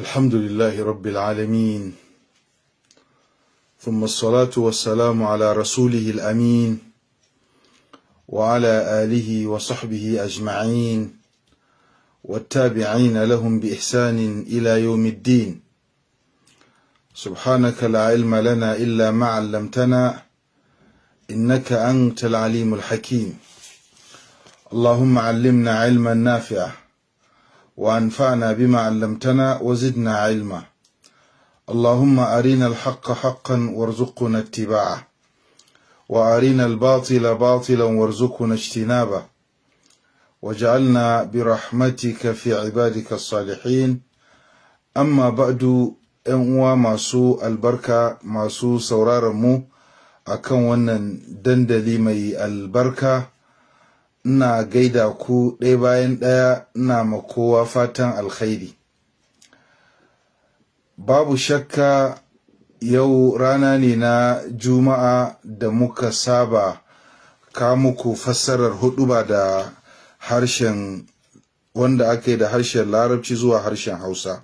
الحمد لله رب العالمين ثم الصلاة والسلام على رسوله الأمين وعلى آله وصحبه أجمعين والتابعين لهم بإحسان إلى يوم الدين سبحانك لا علم لنا إلا ما علمتنا إنك أنت العليم الحكيم اللهم علمنا علما نافعا وأنفعنا بما علمتنا وزدنا علما اللهم أرنا الحق حقا وارزقنا اتباعه وأرنا الباطل باطلا وارزقنا اجتنابه واجعلنا برحمتك في عبادك الصالحين أما بعد أنوا masu البركة masu sauraron mu akan أكون دندلي مي البركة ina gaida ku ɗaya bayan ɗaya ina ma kowa fatan alkhairi babu shakka yau rana ne na juma'a da muka saba ka muku fassarar huduba da harshen wanda aka da harshen larabci zuwa harshen hausa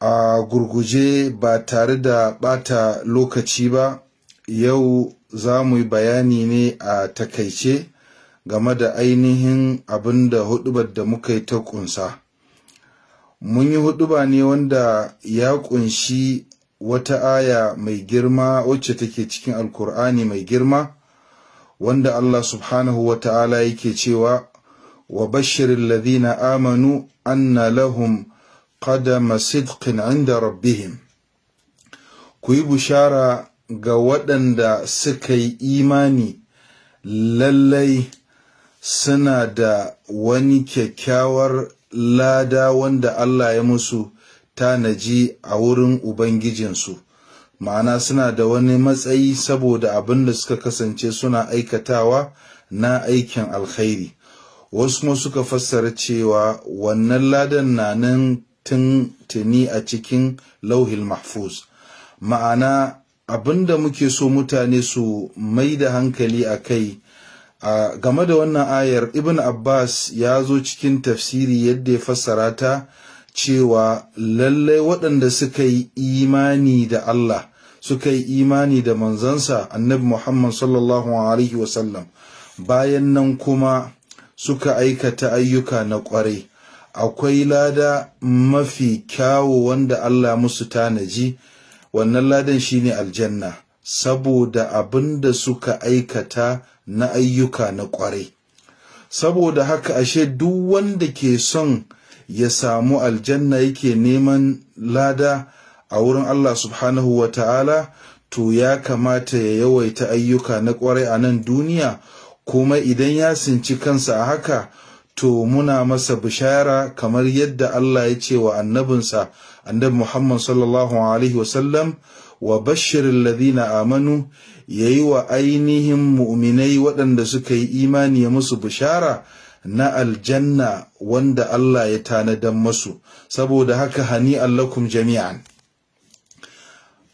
a gurguje ba tare da ɓata lokaci ba yau za mu yi bayani ne a takaice game da ainihin abin da hudubar da muka yi ta kunsa mun yi huduba ne wanda ya kunshi wata aya mai girma wacce take cikin alkur'ani mai girma wanda Allah subhanahu wa ta'ala yake cewa wa bashirin ladina amanu anna lahum qadama sidqin inda rabbihim ku yi bushara ga waɗanda suka yi imani lallai suna da wani kyakkyawar lada wanda Allah ya musu tanaji a wurin Ubangijinsu, ma'ana suna da wani matsayi saboda abin da suka kasance suna aikatawa na aikin alkhairi. Wasu kuma suka fassara cewa wannan ladan na nan tuni a cikin lauhil mahfuz, ma'ana abin da muke so mutane su mai da hankali a kai. a game da wannan ayar ibn abbas ya zo cikin tafsiri yadda ya fassara ta cewa lallai waɗanda suka yi imani da allah suka yi imani da manzansa annabi muhammad sallallahu alaihi wasallam bayan nan kuma suka aikata ayyuka na ƙwarai akwai lada mafi kyawo wanda allah musu tanaji wannan ladan shine aljanna saboda abin da suka aikata na ayyuka na kwarai saboda haka ashe duk wanda ke son ya samu aljanna yake neman lada a wurin Allah subhanahu wa ta'ala to ya kamata ya yawaita ayyuka na ƙwarai a nan duniya kuma idan ya sinci kansa a haka to muna masa bishara kamar yadda Allah ya ce wa annabinsa annabi Muhammad sallallahu alaihi wasallam wa bashirin ladina amanu ya yi wa ainihin mu'minai waɗanda suka yi imani ya musu bishara na aljanna wanda Allah ya tanadan masu saboda haka hani allakum jami'an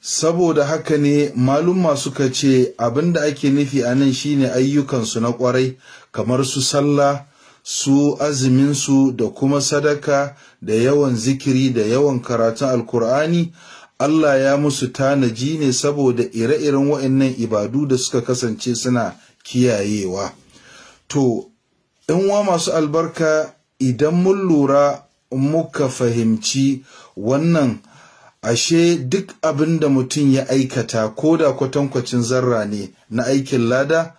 saboda haka ne malumma suka ce abinda ake nufi a nan shine ayyukansu na ƙwarai kamar su sallah su azuminsu da kuma sadaka da yawan zikiri da yawan karatun alkur'ani Allah ya musu tanaji ne saboda ire-iren wa'annan ibadu da suka kasance suna kiyayewa. To, in wa masu albarka idan mun lura muka fahimci wannan ashe duk abin da mutum ya aikata ko da kwatankwacin zarra ne na aikin lada,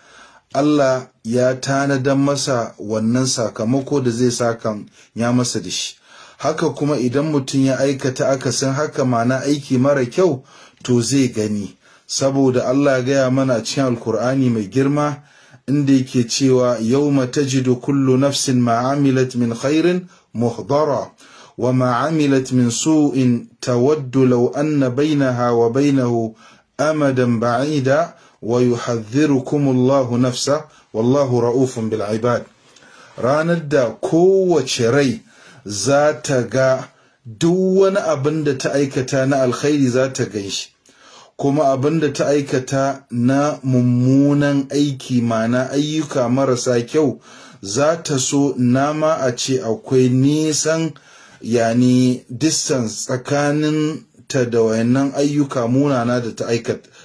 Allah ya tanadan masa wannan sakamako da zai sakan ya masa da shi. haka kuma idan mutum ya aikata akasin haka mana aiki mara kyau to zai gani saboda Allah ya gaya mana cikin alkur'ani mai girma inda yake cewa yawma tajidu kullu nafsin ma'amilat min khairin muhdara wa ma'amilat min su'in tawaddu law anna bainaha wa bainahu amadan ba'ida wa yuhadhdhirukumullahu nafsa wallahu ra'ufun bil ibad ranar da kowace rai za ta ga duk wani abin da ta aikata na alkhairi za ta gan shi kuma abin da ta aikata na mummunan aiki mana ayyuka marasa kyau za ta so nama a ce akwai nisan yani distance tsakanin ta da wayannan ayyuka munana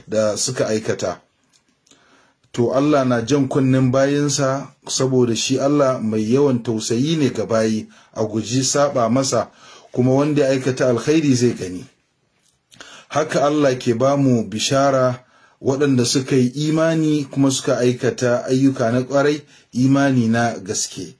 da suka aikata to Allah na jan kunnen bayinsa saboda shi Allah mai yawan tausayi ne ga bayi a guji saba masa kuma wanda ya aikata alkhairi zai gani haka Allah ke ba mu bishara waɗanda suka yi imani kuma suka aikata ayyuka na ƙwarai imani na gaske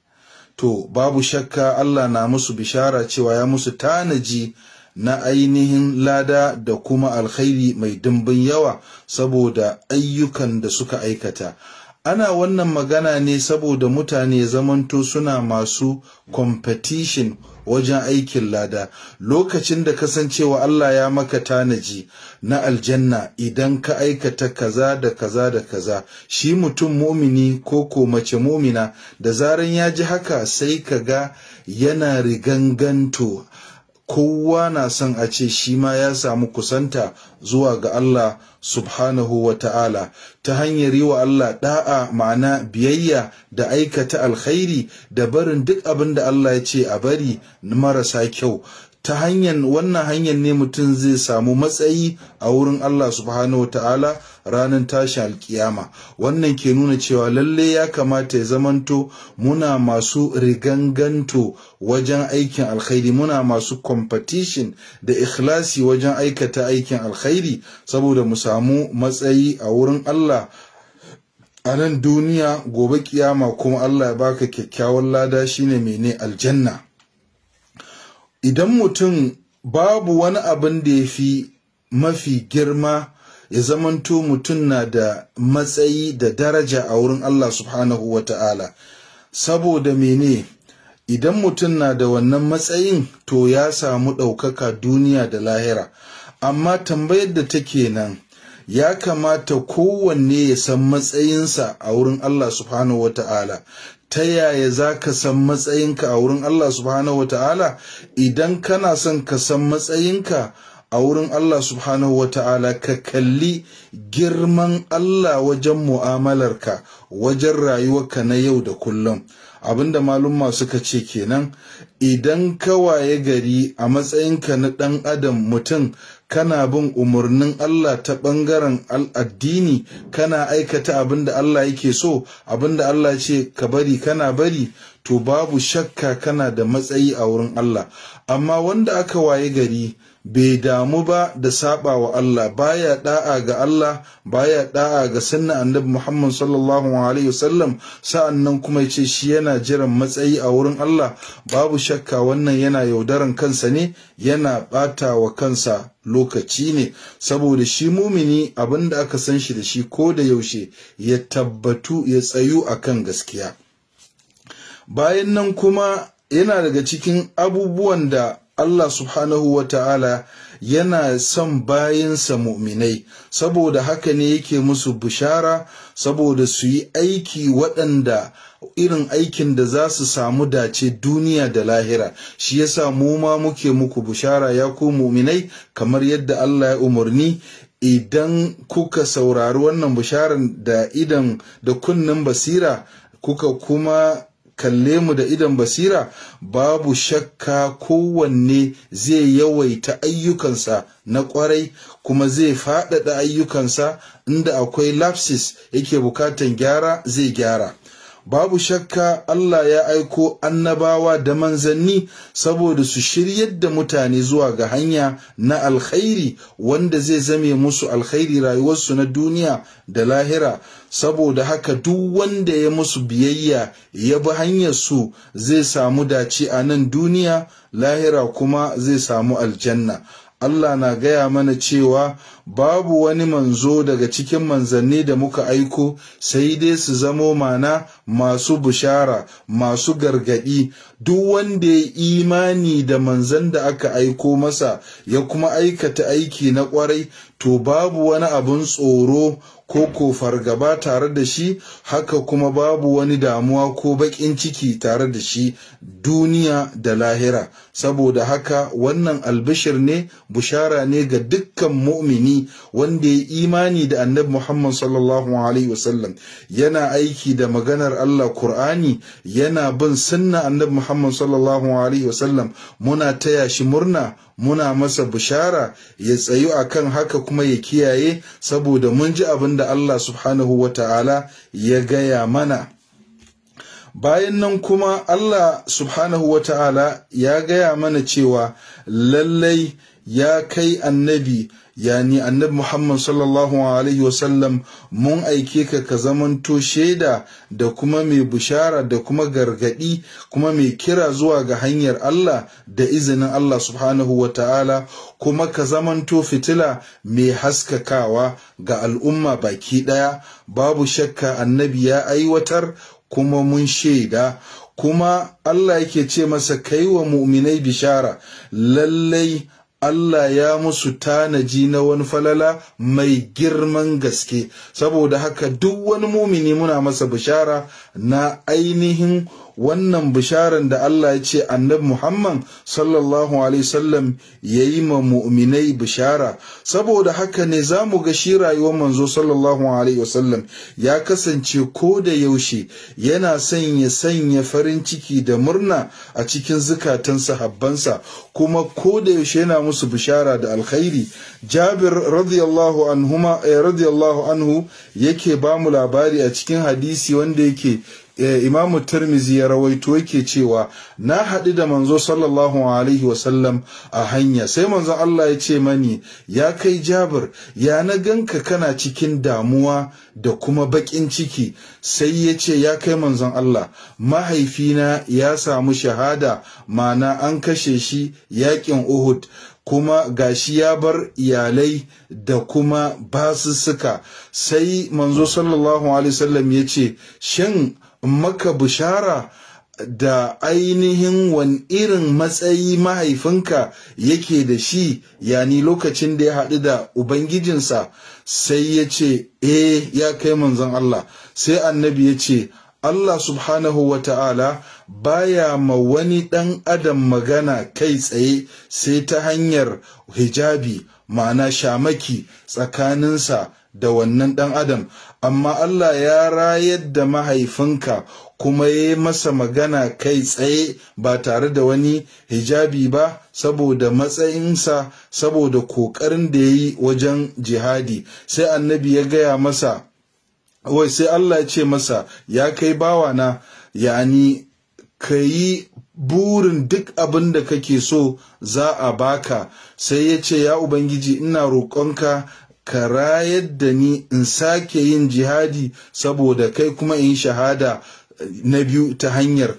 to babu shakka Allah na musu bishara cewa ya musu tanaji na ainihin lada da kuma alkhairi mai dimbin yawa saboda ayyukan da suka aikata ana wannan magana ne saboda mutane zamanto suna masu competition wajen aikin lada lokacin da kasancewa Allah ya maka tanaji na aljanna idan ka aikata kaza da kaza da kaza shi mutum mumini ko ko mace mumina da zaran ya ji haka sai ka ga yana riganganto kowa na son a ce shi ma ya samu kusanta zuwa ga Allah subhanahu wa ta'ala ta hanyar yi wa Allah ɗaa ma'ana biyayya da aikata alkhairi da barin duk abin da Allah ya ce a bari marasa kyau ta hanyar wannan hanyar ne mutum zai samu matsayi a wurin Allah subhanahu wa ta'ala ranar tashi alkiyama wannan ke nuna cewa lalle ya kamata ya zamanto muna masu riganganto wajen aikin alkhairi muna masu competition da ikhlasi wajen aikata aikin alkhairi saboda mu samu matsayi a wurin Allah a nan duniya gobe kiyama kuma Allah ya baka kyakkyawan lada shine mene aljanna idan mutum babu wani abin da ya fi mafi girma ya zamanto mutum na da matsayi da daraja a wurin Allah subhanahu wa ta'ala saboda mene idan mutum na da wannan matsayin to ya samu ɗaukaka duniya da lahira amma tambayar da take nan ya kamata kowanne ya san matsayinsa a wurin Allah subhanahu wa ta'ala ta yaya za ka san matsayinka a wurin Allah subhanahu wa ta'ala idan kana son ka san matsayinka a wurin Allah subhanahu ta'ala ka kalli girman Allah wajen mu'amalarka wajen rayuwarka na yau da kullum abinda malumma suka ce kenan idan ka waye gari a matsayinka na ɗan adam mutum kana bin umarnin Allah ta ɓangaren al'addini kana aikata abinda Allah yake so abinda Allah ce ka bari kana bari to babu shakka kana da matsayi a wurin Allah amma wanda aka waye gari bai damu ba da saba wa Allah baya da'a ga Allah baya da'a ga sunna annabi Muhammad sallallahu alaihi wasallam sa'annan kuma yace shi yana jiran matsayi a wurin Allah babu shakka wannan yana yaudaran kansa ne yana bata wa kansa lokaci ne saboda shi mumini abinda aka san shi da shi ko da yaushe ya tabbatu ya tsayu akan gaskiya bayan nan kuma yana daga cikin abubuwan da Allah subhanahu wa ta'ala yana son bayinsa mu'minai, saboda haka ne yake musu bishara, saboda su yi aiki waɗanda irin aikin da za su samu dace duniya da lahira, shi yasa mu ma muke muku bishara ya ku mu'minai kamar yadda Allah ya umarni idan kuka saurari wannan bisharar da idan da kunnen basira kuka kuma kalle mu da idan basira babu shakka kowanne zai yawaita ayyukansa na kwarai kuma zai faɗaɗa ayyukansa inda akwai lapsis yake bukatan gyara zai gyara babu shakka Allah ya aiko annabawa da manzanni saboda su shiryar da mutane zuwa ga hanya na alkhairi wanda zai zame musu alkhairi rayuwarsu na duniya da lahira saboda haka duk wanda ya musu biyayya ya bi hanyar su zai samu dace a nan duniya lahira kuma zai samu aljanna Allah na gaya mana cewa babu wani manzo daga cikin manzanni da muka aiko sai dai su zamo mana masu bushara masu gargaɗi duk wanda ya imani da manzan da aka aiko masa ya kuma aikata aiki na kwarai. to babu wani abin tsoro ko kofar gaba tare da shi haka kuma babu wani damuwa ko baƙin ciki tare da shi duniya da lahira saboda haka wannan albishir ne bushara ne ga dukkan mu'mini wanda ya imani da annabi Muhammad sallallahu alaihi wasallam yana aiki da maganar Allah Kur'ani yana bin sunna annabi Muhammad sallallahu alaihi wasallam muna taya shi murna muna masa bishara ya tsayu akan haka kuma ya kiyaye saboda mun ji abin da Allah subhanahu wa ta'ala ya gaya mana bayan nan kuma Allah subhanahu wa ta'ala ya gaya mana cewa lallai ya kai annabi yani annabi Muhammad sallallahu alaihi wasallam mun aike ka ka zamanto shaida da kuma mai bishara da kuma gargadi kuma mai kira zuwa ga hanyar Allah da izinin Allah subhanahu wa ta'ala kuma ka zamanto fitila mai haskakawa ga al'umma baki daya babu shakka annabi ya aiwatar kuma mun shaida kuma Allah yake ce masa kai wa mu'minai bishara lallai Allah ya musu tanaji na wani falala mai girman gaske saboda haka duk wani mumini muna masa bishara na ainihin wannan bisharan da Allah ya ce annabi Muhammad sallallahu alaihi wasallam yayi ma mu'minai bishara saboda haka ne zamu ga shi rayuwar manzo sallallahu alaihi wasallam ya kasance ko da yaushe yana son ya sanya farin ciki da murna a cikin zukatan sahabbansa kuma ko da yaushe yana musu musu bishara da alkhairi jabir radiyallahu anhu eh, radiyallahu anhu yake ba mu labari a cikin hadisi wanda yake eh, imamu tirmizi ya rawaito yake cewa na haɗu da manzo sallallahu alaihi wasallam a hanya sai manzo Allah ya ce mani ya kai jabir ya na ganka kana cikin damuwa da kuma baƙin ciki sai ya ce ya kai manzon Allah mahaifina ya samu shahada mana an kashe shi yakin Uhud kuma ga shi ya bar iyalai da kuma basussuka sai manzo sallallahu alaihi wasallam ya ce shin maka bishara da ainihin wani irin matsayi mahaifinka yake da shi yani lokacin da ya haɗu da ubangijinsa sai ya ce eh ya kai manzon Allah sai annabi ya ce Allah subhanahu wa ta'ala baya ma wani ɗan adam magana kai tsaye sai ta hanyar hijabi ma'ana shamaki tsakaninsa da wannan ɗan adam amma Allah ya rayar da mahaifinka kuma ya yi masa magana kai tsaye ba tare da wani hijabi ba saboda matsayinsa saboda ƙoƙarin da ya yi wajen jihadi sai annabi ya gaya masa wai sai Allah ya ce masa ya kai bawa na yani ka yi burin duk abin da kake so za a baka sai ya ce ya ubangiji ina roƙonka ka rayar da ni in sake yin jihadi saboda kai kuma in shahada eh, na biyu ta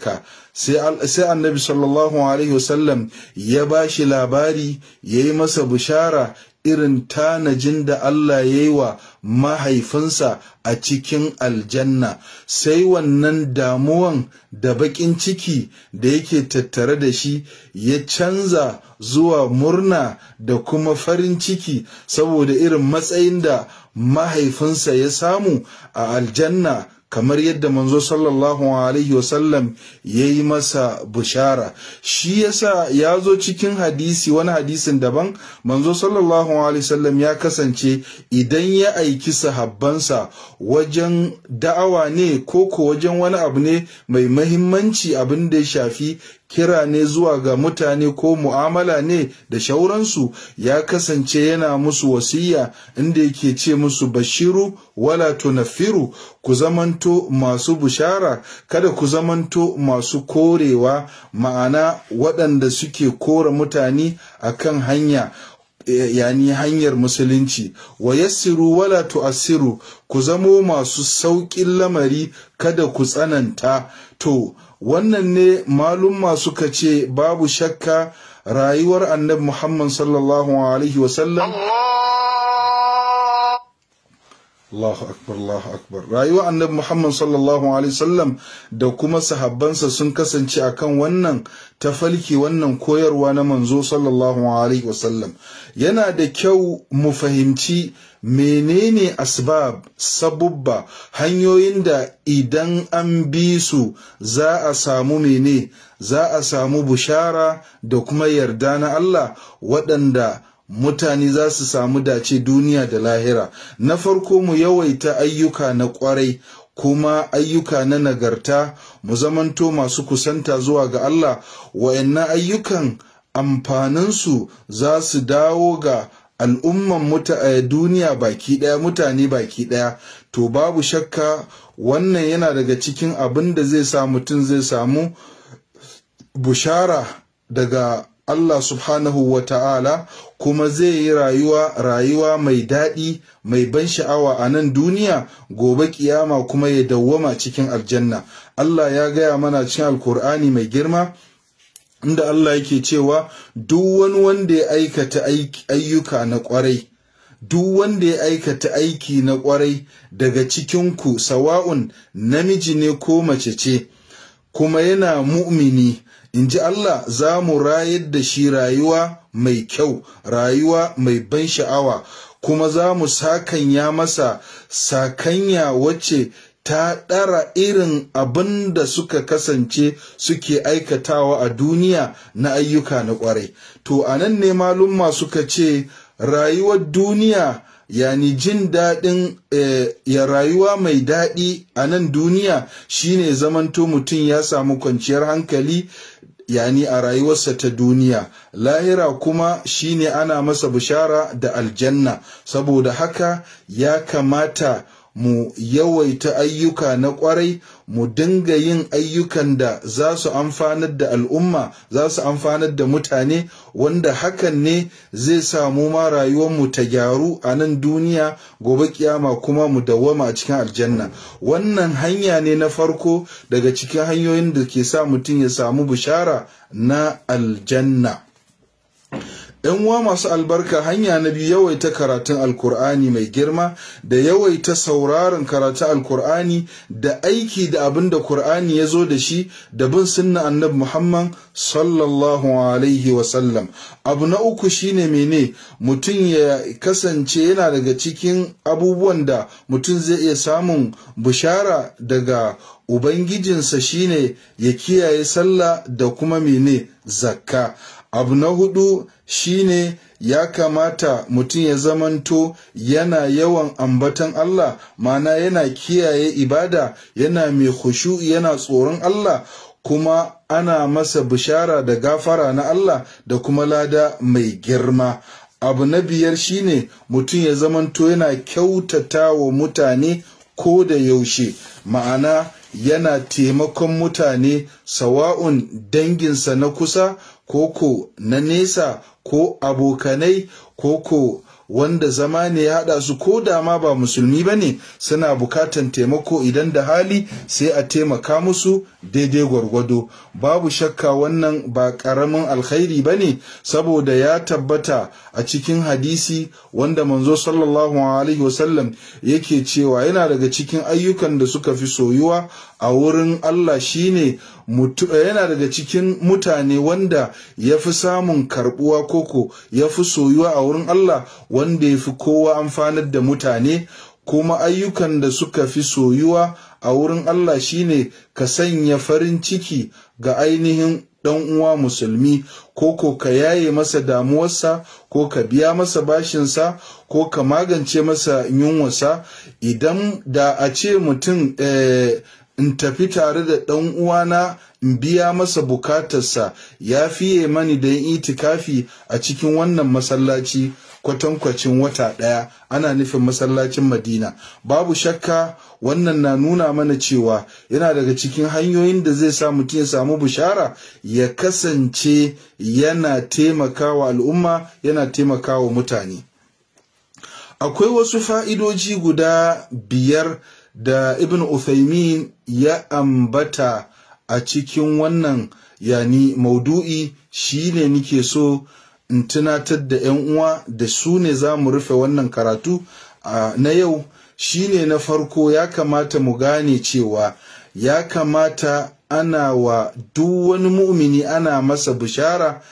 ka sai annabi sallallahu alaihi wasallam ya ba shi labari ya yi masa bishara irin tanajin da Allah ya yi wa mahaifinsa a cikin aljanna sai wannan damuwan da baƙin ciki da yake tattare da shi ya canza zuwa murna da kuma farin ciki saboda irin matsayin da mahaifinsa ya samu a aljanna kamar yadda manzo sallallahu alaihi wasallam ya yi masa bushara shi yasa ya zo cikin hadisi wani hadisin daban manzo sallallahu alaihi wasallam ya kasance idan ya aiki sahabbansa wajen da'awa ne ko ko wajen wani abu ne mai mahimmanci abin da ya shafi kira ne zuwa ga mutane ko mu'amala ne da shauransu ya kasance yana musu wasiya inda yake ce musu bashiru wala tunafiru ku zamanto masu bushara kada ku zamanto masu korewa ma'ana waɗanda suke kora mutane akan hanya Eh, yani hanyar musulunci wayassiru wala tu'assiru ku zamo masu saukin lamari kada ku tsananta to wannan ne malumma suka ce babu shakka rayuwar annabi Muhammad sallallahu alaihi wasallam Allahu akbar Allahu akbar rayuwa annabi Muhammad sallallahu alaihi wasallam da kuma sahabbansa sun kasance akan wannan tafalki wannan koyarwa na manzo sallallahu alaihi wasallam yana da kyau mu fahimci menene asbab sabubba hanyoyin da idan an bi su za a samu mene za a samu bushara da kuma yarda na Allah waɗanda mutane za su samu dace duniya da lahira na farko mu yawaita ayyuka na kwarai kuma ayyuka na nagarta mu zamanto masu kusanta zuwa ga Allah wayannan ayyukan amfaninsu za su dawo ga al'umman eh, duniya baki ɗaya mutane baki ɗaya to babu shakka wannan yana daga cikin abin da zai sa mutum zai samu bushara daga Allah subhanahu wa ta'ala kuma zai yi rayuwa rayuwa mai daɗi mai ban sha'awa a nan duniya gobe kiyama kuma ya dawwama cikin aljanna Allah ya gaya mana cikin alkur'ani mai girma inda Allah yake cewa duk wani wanda ya aikata ayyuka na kwarai duk wanda ya aikata aiki na kwarai daga cikinku sawa'un namiji ne ko mace ce kuma yana mu'mini in ji Allah za mu rayar da shi rayuwa mai kyau rayuwa mai ban sha'awa kuma za mu sakanya masa sakanya wacce ta ɗara irin abin da suka kasance suke aikatawa a duniya na ayyuka na ƙwarai to a nan ne malumma suka ce rayuwar duniya yani jin daɗin eh, ya rayuwa mai daɗi a nan duniya shine zamanto mutum ya samu kwanciyar hankali yani a rayuwarsa ta duniya lahira kuma shine ana masa bishara da aljanna saboda haka ya kamata mu yawaita ayyuka na kwarai mu dinga yin ayyukan da za su amfanar da al'umma za su amfanar da mutane wanda hakan ne zai samu ma mu ta gyaru a nan duniya gobe kiyama kuma mu dawwama a cikin aljanna wannan hanya ne na farko daga cikin hanyoyin da ke sa mutum ya samu bishara na aljanna ‘Yan uwa masu albarka hanya na biyu yawaita karatun Alkur'ani mai girma da yawaita sauraron karatun Alkur'ani da aiki da abin da Kur'ani ya zo da shi da bin sunna annab Muhammad sallallahu alaihi wasallam. Abu na uku shine mene mutum ya kasance yana daga cikin abubuwan da mutum zai iya samun bishara daga ubangijinsa shi ne ya kiyaye sallah da kuma mene zakka abu na hudu shi ne ya kamata mutum ya zamanto yana yawan ambatan Allah mana yana kiyaye ibada yana mai khushu yana tsoron Allah kuma ana masa bishara da gafara na Allah da kuma lada mai girma abu na biyar shi ne mutum ya zamanto yana kyautata wa mutane ko da yaushe ma'ana yana taimakon mutane sawa'un danginsa na kusa koko na nesa ko abokanai koko wanda zama ne ya haɗa su ko da ma ba musulmi ba ne suna bukatan taimako idan da hali sai a taimaka musu daidai gwargwado babu shakka wannan ba ƙaramin alkhairi ba ne saboda ya tabbata a cikin hadisi wanda manzo sallallahu alaihi wasallam yake cewa yana daga cikin ayyukan da suka fi soyuwa a wurin Allah shine Eh, yana daga cikin mutane wanda ya fi samun karbuwa koko ya fi soyuwa a wurin Allah wanda ya fi kowa amfanar da mutane kuma ayyukan da suka fi soyuwa a wurin Allah shine ka sanya farin ciki ga ainihin dan uwa musulmi ko ko ka yaye masa damuwarsa ko ka biya masa bashinsa ko ka magance masa yunwasa idan da a ce mutum eh, in tafi tare da ɗan uwana in biya masa bukatarsa ya fiye mani da itikafi a cikin wannan masallaci kwatankwacin wata ɗaya ana nufin masallacin madina babu shakka wannan na nuna mana cewa yana daga cikin hanyoyin da zai sa mutum ya samu bishara ya kasance yana taimakawa al'umma yana taimakawa mutane akwai wasu fa'idoji guda biyar da ibn Uthaymin ya ambata a cikin wannan yani maudu'i shine nike so in tunatar da 'yan uwa da su ne za mu rufe wannan karatu na yau shine na farko ya kamata mu gane cewa ya kamata ana wa duk wani mumini ana masa bishara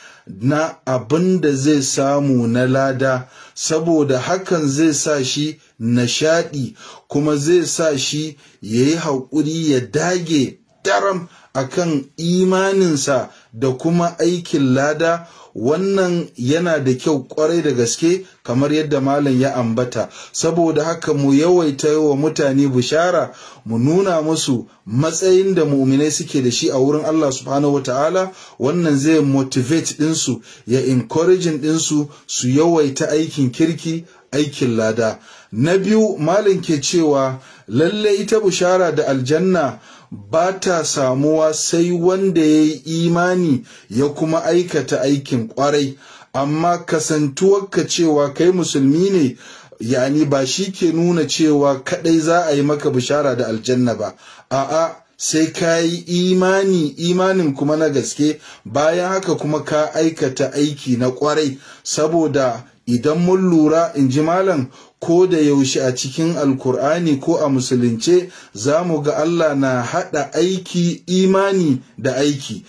na abin da zai samu na lada saboda hakan zai sa shi nishadi kuma zai sa shi ya yi haƙuri ya dage daram akan imaninsa da kuma aikin lada wannan yana da kyau kwarai da gaske kamar yadda malam ya ambata saboda haka mu yawaita wa mutane bishara mu nuna musu matsayin da mu'minai suke da shi a wurin Allah subhanahu wataala wannan zai motivate ɗinsu ya encouraging ɗinsu su yawaita aikin kirki aikin lada na biyu malin ke cewa lalle ita bushara da aljanna ba ta samuwa sai wanda ya yi imani ya kuma aikata aikin kwarai amma kasantuwarka cewa kai musulmi ne yani ba shi ke nuna cewa kadai za a yi maka bishara da aljanna ba a'a sai ka yi imani imanin kuma na gaske bayan haka kuma ka aikata aiki na kwarai saboda idan mun lura in ji malam ko da yaushe a cikin alkur'ani ko a musulunce za mu ga Allah na haɗa aiki imani da aiki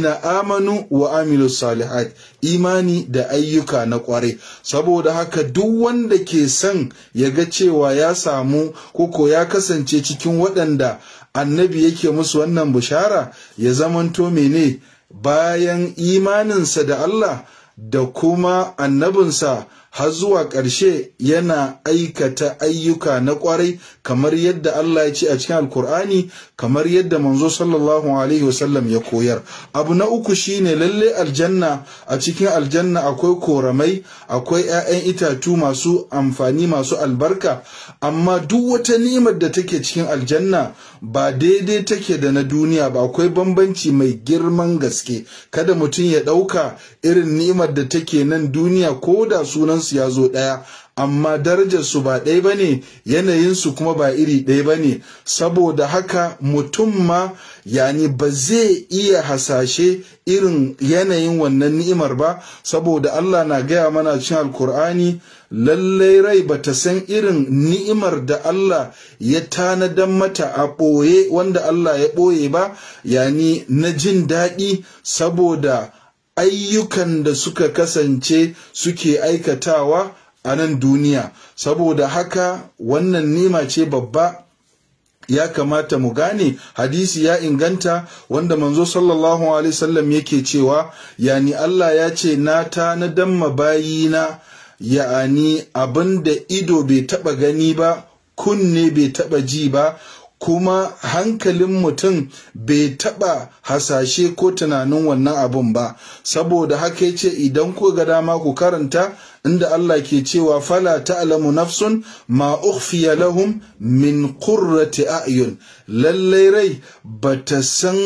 na amanu wa amilu salihat imani da ayyuka na ƙware saboda haka duk wanda ke son ya ga cewa ya samu koko ya kasance cikin waɗanda annabi yake musu wannan bushara, ya zamanto mene bayan imaninsa da Allah da kuma annabinsa har zuwa ƙarshe yana aikata ayyuka na ƙwarai kamar yadda Allah ya ce a cikin Alkur'ani kamar yadda manzo sallallahu alaihi wasallam ya koyar abu na uku shine lalle aljanna a cikin aljanna akwai koramai akwai 'ya'yan itatu masu amfani masu albarka amma duk wata ni'imar da take cikin aljanna ba daidai take da na duniya ba akwai bambanci mai girman gaske kada mutum ya ɗauka irin ni'imar da take nan duniya ko da sunansu ya zo ɗaya amma darajarsu ba ɗaya ba ne yanayinsu kuma ba iri ɗaya ba ne saboda haka mutum ma yani ba zai iya hasashe irin yanayin wannan ni'imar ba saboda Allah na gaya mana cin alkur'ani lallai rai ba ta san irin ni'imar da Allah ya tanadan mata a ɓoye wanda Allah ya ɓoye ba yani na jin daɗi saboda ayyukan da suka kasance suke aikatawa a nan duniya saboda haka wannan nima ce babba ya kamata mu gane hadisi ya inganta wanda manzo sallallahu alaihi sallam yake cewa yani Allah ya ce na ta na damma bayina ya'ani abin da ido bai taba gani ba kunne bai taba ji ba kuma hankalin mutum bai taba hasashe ko tunanin wannan abun ba saboda haka ya ce idan ku ga dama ku karanta inda Allah ke cewa fala ta'lamu nafsun ma ukhfiya lahum min qurrati a'yun lallai rai bata san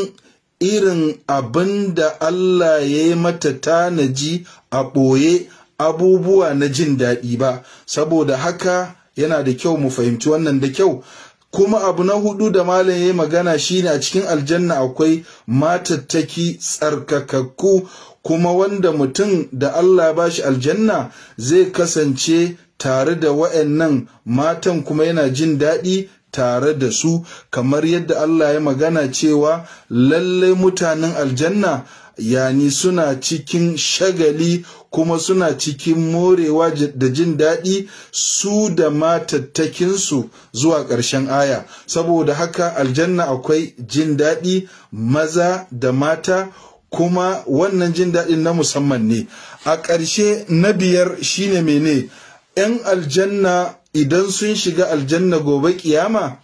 irin abin da Allah ya yi mata tanaji a ɓoye abubuwa na jin daɗi ba saboda haka yana da kyau mu fahimci wannan da kyau kuma abu na hudu da malam ya yi magana shine a cikin aljanna akwai matattaki tsarkakakku kuma wanda mutum da Allah ba shi aljanna zai kasance tare da wa'annan matan kuma yana jin daɗi tare da su kamar yadda Allah ya magana cewa lallai mutanen aljanna yani suna cikin shagali kuma suna cikin morewa da jin daɗi su da matattakinsu zuwa ƙarshen aya saboda haka aljanna akwai jin daɗi maza da mata kuma wannan jin daɗin na musamman ne a ƙarshe na biyar shine mene 'yan aljanna idan sun shiga aljanna gobe kiyama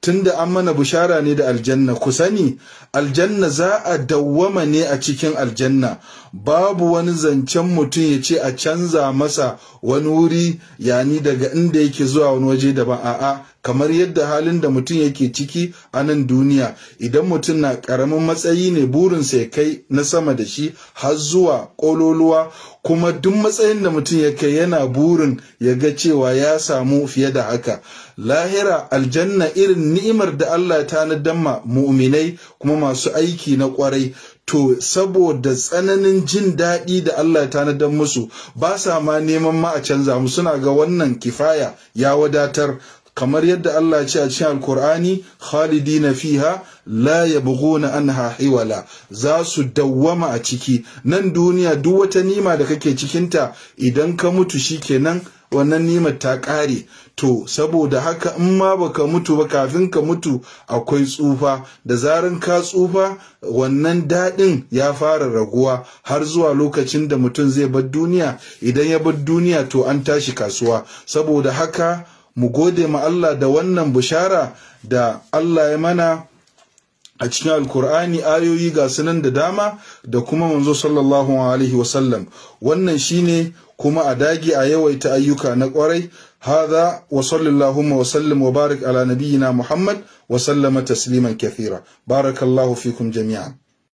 tunda an mana bushara ne da aljanna ku sani aljanna za a dawwama ne a cikin aljanna babu wani zancen mutum ya ce a canza masa wani wuri yani daga inda yake zuwa wani waje daban a'a kamar yadda halin da mutum yake ciki a nan duniya idan mutum na ƙaramin matsayi ne burinsa ya kai na sama da shi har zuwa ƙololuwa kuma duk matsayin da mutum ya kai yana burin ya ga cewa ya samu fiye da haka lahira aljanna irin ni'imar da Allah ta ma mu'minai kuma masu aiki na ƙwarai to saboda tsananin jin daɗi da Allah ta nadan musu ba sa ma neman ma a canza mu suna ga wannan kifaya ya wadatar kamar yadda Allah ce a cikin alkur'ani khalidina fiha la yabghuna anha hiwala za su dawwama a ciki nan duniya duk wata nima da kake cikinta idan ka mutu shi shikenan wannan nima ta ƙare to saboda haka in ma baka mutu ba kafin ka mutu akwai tsufa da zarin ka tsufa wannan daɗin ya fara raguwa har zuwa lokacin da mutum zai bar duniya idan ya bar duniya to an tashi kasuwa saboda haka mu gode ma Allah da wannan bushara da Allah ya mana a cikin alkur'ani ayoyi ga sunan da dama da kuma manzo sallallahu alaihi wasallam wannan shine kuma a dage a yawaita ayyuka na kwarai هذا وصلى اللهم وسلم وبارك على نبينا محمد وسلم تسليما كثيرا بارك Barakallahu فيكم جميعا